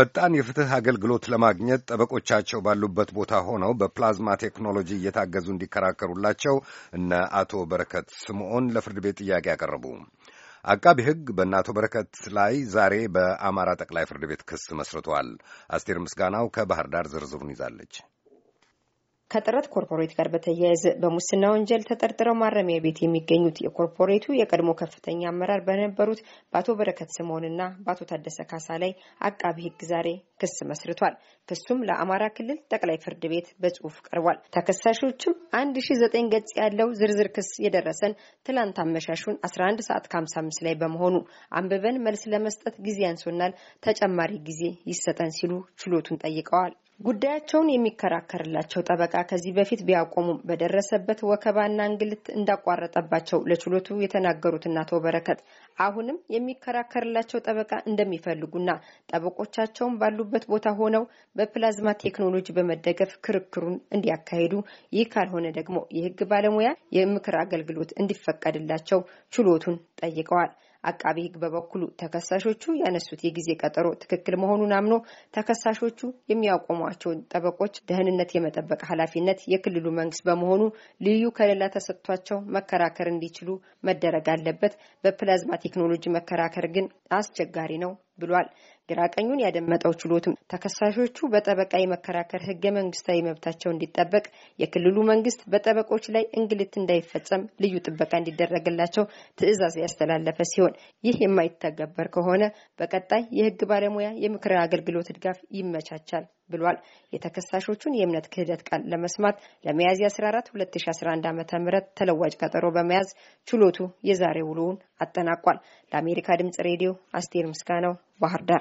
ፈጣን የፍትህ አገልግሎት ለማግኘት ጠበቆቻቸው ባሉበት ቦታ ሆነው በፕላዝማ ቴክኖሎጂ እየታገዙ እንዲከራከሩላቸው እነ አቶ በረከት ስምዖን ለፍርድ ቤት ጥያቄ አቀረቡ። አቃቢ ሕግ በእነ አቶ በረከት ላይ ዛሬ በአማራ ጠቅላይ ፍርድ ቤት ክስ መስርቷል። አስቴር ምስጋናው ከባህር ዳር ዝርዝሩን ይዛለች። ከጥረት ኮርፖሬት ጋር በተያያዘ በሙስና ወንጀል ተጠርጥረው ማረሚያ ቤት የሚገኙት የኮርፖሬቱ የቀድሞ ከፍተኛ አመራር በነበሩት በአቶ በረከት ስምኦንና በአቶ ታደሰ ካሳ ላይ አቃቢ ሕግ ዛሬ ክስ መስርቷል። ክሱም ለአማራ ክልል ጠቅላይ ፍርድ ቤት በጽሁፍ ቀርቧል። ተከሳሾችም አንድ ሺ ዘጠኝ ገጽ ያለው ዝርዝር ክስ የደረሰን ትላንት አመሻሹን 11 ሰዓት ከ55 ላይ በመሆኑ አንብበን መልስ ለመስጠት ጊዜ ያንሶናል፣ ተጨማሪ ጊዜ ይሰጠን ሲሉ ችሎቱን ጠይቀዋል። ጉዳያቸውን የሚከራከርላቸው ጠበቃ ከዚህ በፊት ቢያቆሙም በደረሰበት ወከባና እንግልት እንዳቋረጠባቸው ለችሎቱ የተናገሩትና አቶ በረከት አሁንም የሚከራከርላቸው ጠበቃ እንደሚፈልጉና ጠበቆቻቸውን ባሉበት ቦታ ሆነው በፕላዝማ ቴክኖሎጂ በመደገፍ ክርክሩን እንዲያካሂዱ፣ ይህ ካልሆነ ደግሞ የሕግ ባለሙያ የምክር አገልግሎት እንዲፈቀድላቸው ችሎቱን ጠይቀዋል። አቃቤ ህግ በበኩሉ ተከሳሾቹ ያነሱት የጊዜ ቀጠሮ ትክክል መሆኑን አምኖ ተከሳሾቹ የሚያቆሟቸውን ጠበቆች ደህንነት የመጠበቅ ኃላፊነት የክልሉ መንግስት በመሆኑ ልዩ ከለላ ተሰጥቷቸው መከራከር እንዲችሉ መደረግ አለበት። በፕላዝማ ቴክኖሎጂ መከራከር ግን አስቸጋሪ ነው ብሏል። ግራቀኙን ያደመጠው ችሎትም ተከሳሾቹ በጠበቃ የመከራከር ህገ መንግስታዊ መብታቸው እንዲጠበቅ፣ የክልሉ መንግስት በጠበቆች ላይ እንግልት እንዳይፈጸም ልዩ ጥበቃ እንዲደረግላቸው ትዕዛዝ ያስተላለፈ ሲሆን ይህ የማይተገበር ከሆነ በቀጣይ የህግ ባለሙያ የምክር አገልግሎት ድጋፍ ይመቻቻል ብሏል። የተከሳሾቹን የእምነት ክህደት ቃል ለመስማት ለሚያዝያ 14 2011 ም ተለዋጭ ቀጠሮ በመያዝ ችሎቱ የዛሬ ውሎውን አጠናቋል። ለአሜሪካ ድምጽ ሬዲዮ አስቴር ምስጋናው Waharda.